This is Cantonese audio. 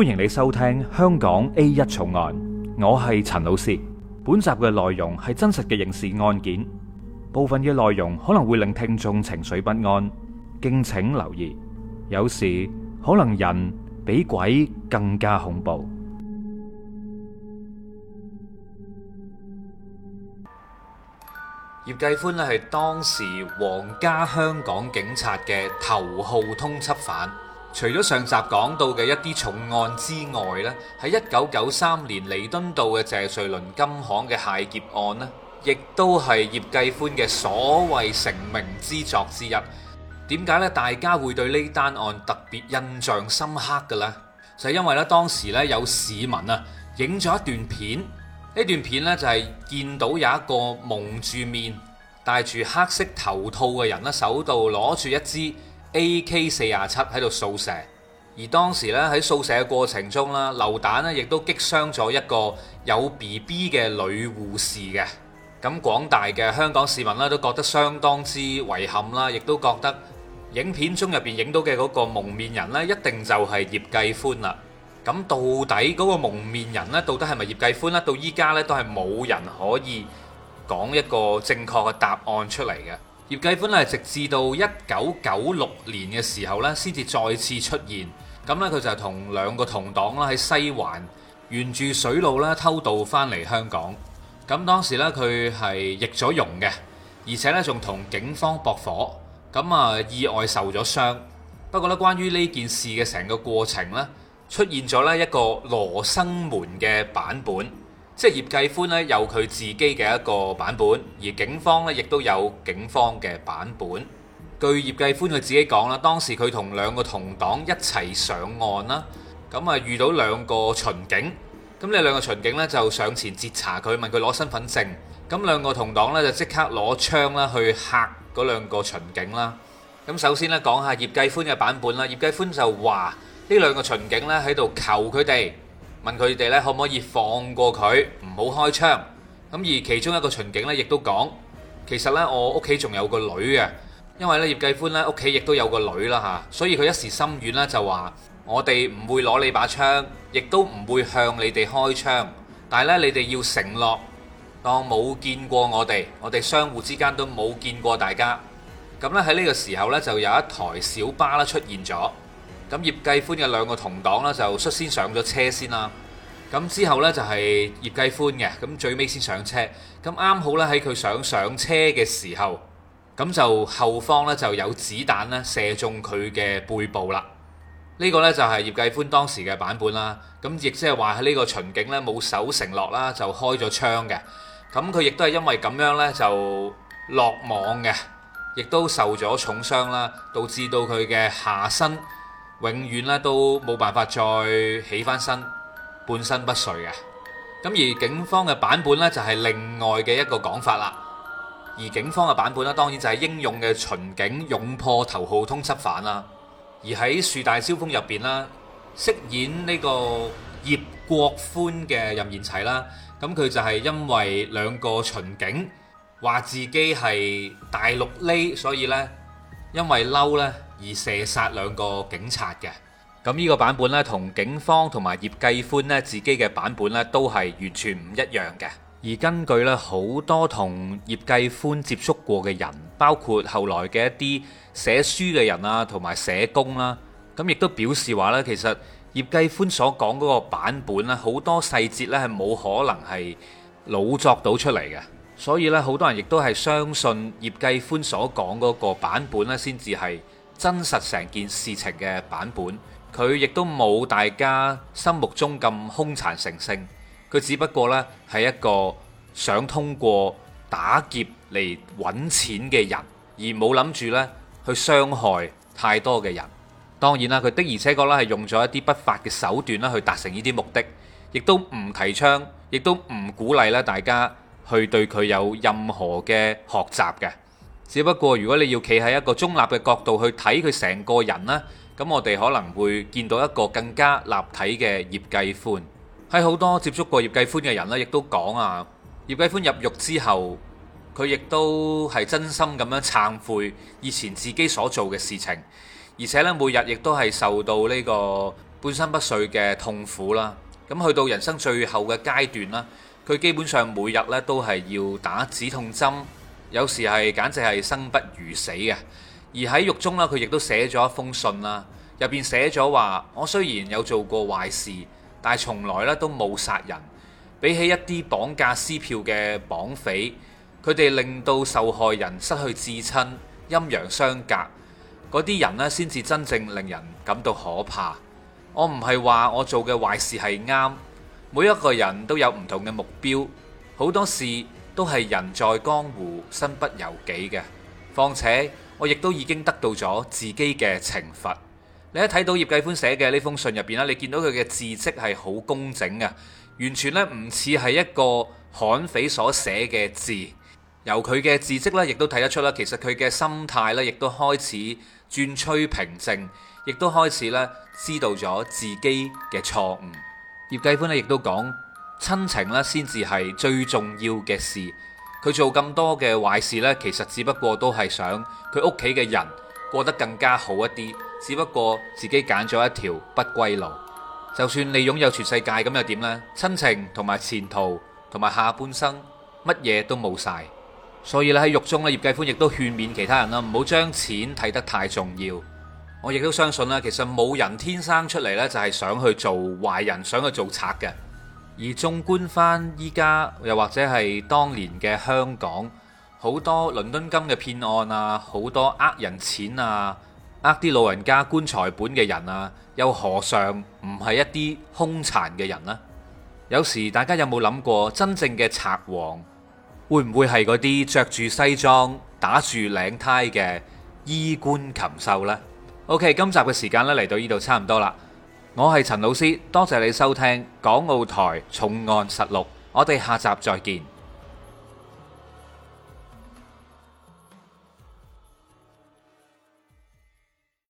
歡迎你收聽《香港 A 一重案》，我係陳老師。本集嘅內容係真實嘅刑事案件，部分嘅內容可能會令聽眾情緒不安，敬請留意。有時可能人比鬼更加恐怖。葉繼歡咧係當時皇家香港警察嘅頭號通緝犯。除咗上集講到嘅一啲重案之外呢，喺一九九三年彌敦道嘅謝瑞麟金行嘅械劫案呢，亦都係葉繼歡嘅所謂成名之作之一。點解呢？大家會對呢單案特別印象深刻嘅呢？就係因為呢，當時呢有市民啊，影咗一段片，呢段片呢，就係見到有一個蒙住面、戴住黑色頭套嘅人呢，手度攞住一支。A.K. 四七喺度掃射，而當時咧喺掃射嘅過程中啦，流彈咧亦都擊傷咗一個有 B.B. 嘅女護士嘅。咁廣大嘅香港市民啦都覺得相當之遺憾啦，亦都覺得影片中入邊影到嘅嗰個蒙面人咧，一定就係葉繼歡啦。咁到底嗰個蒙面人咧，到底係咪葉繼歡咧？到依家咧都係冇人可以講一個正確嘅答案出嚟嘅。葉繼歡咧，直至到一九九六年嘅時候咧，先至再次出現。咁咧，佢就同兩個同黨啦，喺西環沿住水路咧偷渡返嚟香港。咁當時咧，佢係易咗容嘅，而且咧仲同警方駁火。咁啊，意外受咗傷。不過咧，關於呢件事嘅成個過程咧，出現咗咧一個羅生門嘅版本。即係葉繼歡呢，有佢自己嘅一個版本，而警方呢，亦都有警方嘅版本。問佢哋咧可唔可以放過佢，唔好開槍。咁而其中一個巡警咧，亦都講：其實咧，我屋企仲有個女嘅，因為咧葉繼歡咧屋企亦都有個女啦嚇，所以佢一時心軟咧就話：我哋唔會攞你把槍，亦都唔會向你哋開槍。但係咧，你哋要承諾當冇見過我哋，我哋相互之間都冇見過大家。咁咧喺呢個時候咧，就有一台小巴咧出現咗。咁葉繼歡嘅兩個同黨咧就率先上咗車先啦。咁之後呢，就係、是、葉繼歡嘅，咁最尾先上車。咁啱好呢，喺佢想上車嘅時候，咁就後方呢，就有子彈呢射中佢嘅背部啦。呢、這個呢，就係、是、葉繼歡當時嘅版本啦。咁亦即係話喺呢個巡警呢冇守承諾啦，就開咗槍嘅。咁佢亦都係因為咁樣呢，就落網嘅，亦都受咗重傷啦，導致到佢嘅下身。永遠咧都冇辦法再起翻身，半身不遂嘅。咁而警方嘅版本咧就係另外嘅一個講法啦。而警方嘅版本咧當然就係英勇嘅巡警勇破頭號通緝犯啦。而喺《樹大招風》入邊啦，飾演呢個葉國歡嘅任賢齊啦，咁佢就係因為兩個巡警話自己係大陸嚟，所以咧，因為嬲咧而射殺兩個警察嘅，咁呢個版本咧同警方同埋葉繼歡咧自己嘅版本咧都係完全唔一樣嘅。而根據咧好多同葉繼歡接觸過嘅人，包括後來嘅一啲寫書嘅人啦、啊，同埋寫工啦、啊，咁亦都表示話咧，其實葉繼歡所講嗰個版本咧好多細節咧係冇可能係老作到出嚟嘅。所以咧，好多人亦都係相信葉繼歡所講嗰個版本咧，先至係真實成件事情嘅版本。佢亦都冇大家心目中咁兇殘成性。佢只不過咧係一個想通過打劫嚟揾錢嘅人，而冇諗住咧去傷害太多嘅人。當然啦，佢的而且確咧係用咗一啲不法嘅手段啦，去達成呢啲目的，亦都唔提倡，亦都唔鼓勵咧大家。去對佢有任何嘅學習嘅，只不過如果你要企喺一個中立嘅角度去睇佢成個人咧，咁我哋可能會見到一個更加立體嘅葉繼歡。喺好多接觸過葉繼歡嘅人咧，亦都講啊，葉繼歡入獄之後，佢亦都係真心咁樣懺悔以前自己所做嘅事情，而且咧每日亦都係受到呢個半身不遂嘅痛苦啦。咁去到人生最後嘅階段啦。佢基本上每日咧都係要打止痛針，有時係簡直係生不如死嘅。而喺獄中咧，佢亦都寫咗一封信啦，入邊寫咗話：我雖然有做過壞事，但係從來咧都冇殺人。比起一啲綁架撕票嘅綁匪，佢哋令到受害人失去至親，陰陽相隔，嗰啲人咧，先至真正令人感到可怕。我唔係話我做嘅壞事係啱。每一個人都有唔同嘅目標，好多事都係人在江湖，身不由己嘅。況且我亦都已經得到咗自己嘅懲罰。你一睇到葉繼歡寫嘅呢封信入邊啦，你見到佢嘅字跡係好工整嘅，完全呢唔似係一個悍匪所寫嘅字。由佢嘅字跡呢，亦都睇得出啦，其實佢嘅心態呢，亦都開始轉趨平靜，亦都開始呢知道咗自己嘅錯誤。葉繼歡咧，亦都講親情咧，先至係最重要嘅事。佢做咁多嘅壞事咧，其實只不過都係想佢屋企嘅人過得更加好一啲。只不過自己揀咗一條不歸路。就算你擁有全世界咁又點呢？親情同埋前途同埋下半生，乜嘢都冇晒。所以咧，喺獄中咧，葉繼歡亦都勸勉其他人啦，唔好將錢睇得太重要。我亦都相信啦，其實冇人天生出嚟呢，就係想去做壞人，想去做賊嘅。而縱觀翻依家，又或者係當年嘅香港，好多倫敦金嘅騙案啊，好多呃人錢啊，呃啲老人家棺材本嘅人啊，又何嘗唔係一啲兇殘嘅人呢？有時大家有冇諗過，真正嘅賊王會唔會係嗰啲着住西裝、打住領呔嘅衣冠禽獸呢？O.K. 今集嘅時間咧嚟到呢度差唔多啦，我係陳老師，多謝你收聽《港澳台重案實錄》，我哋下集再見。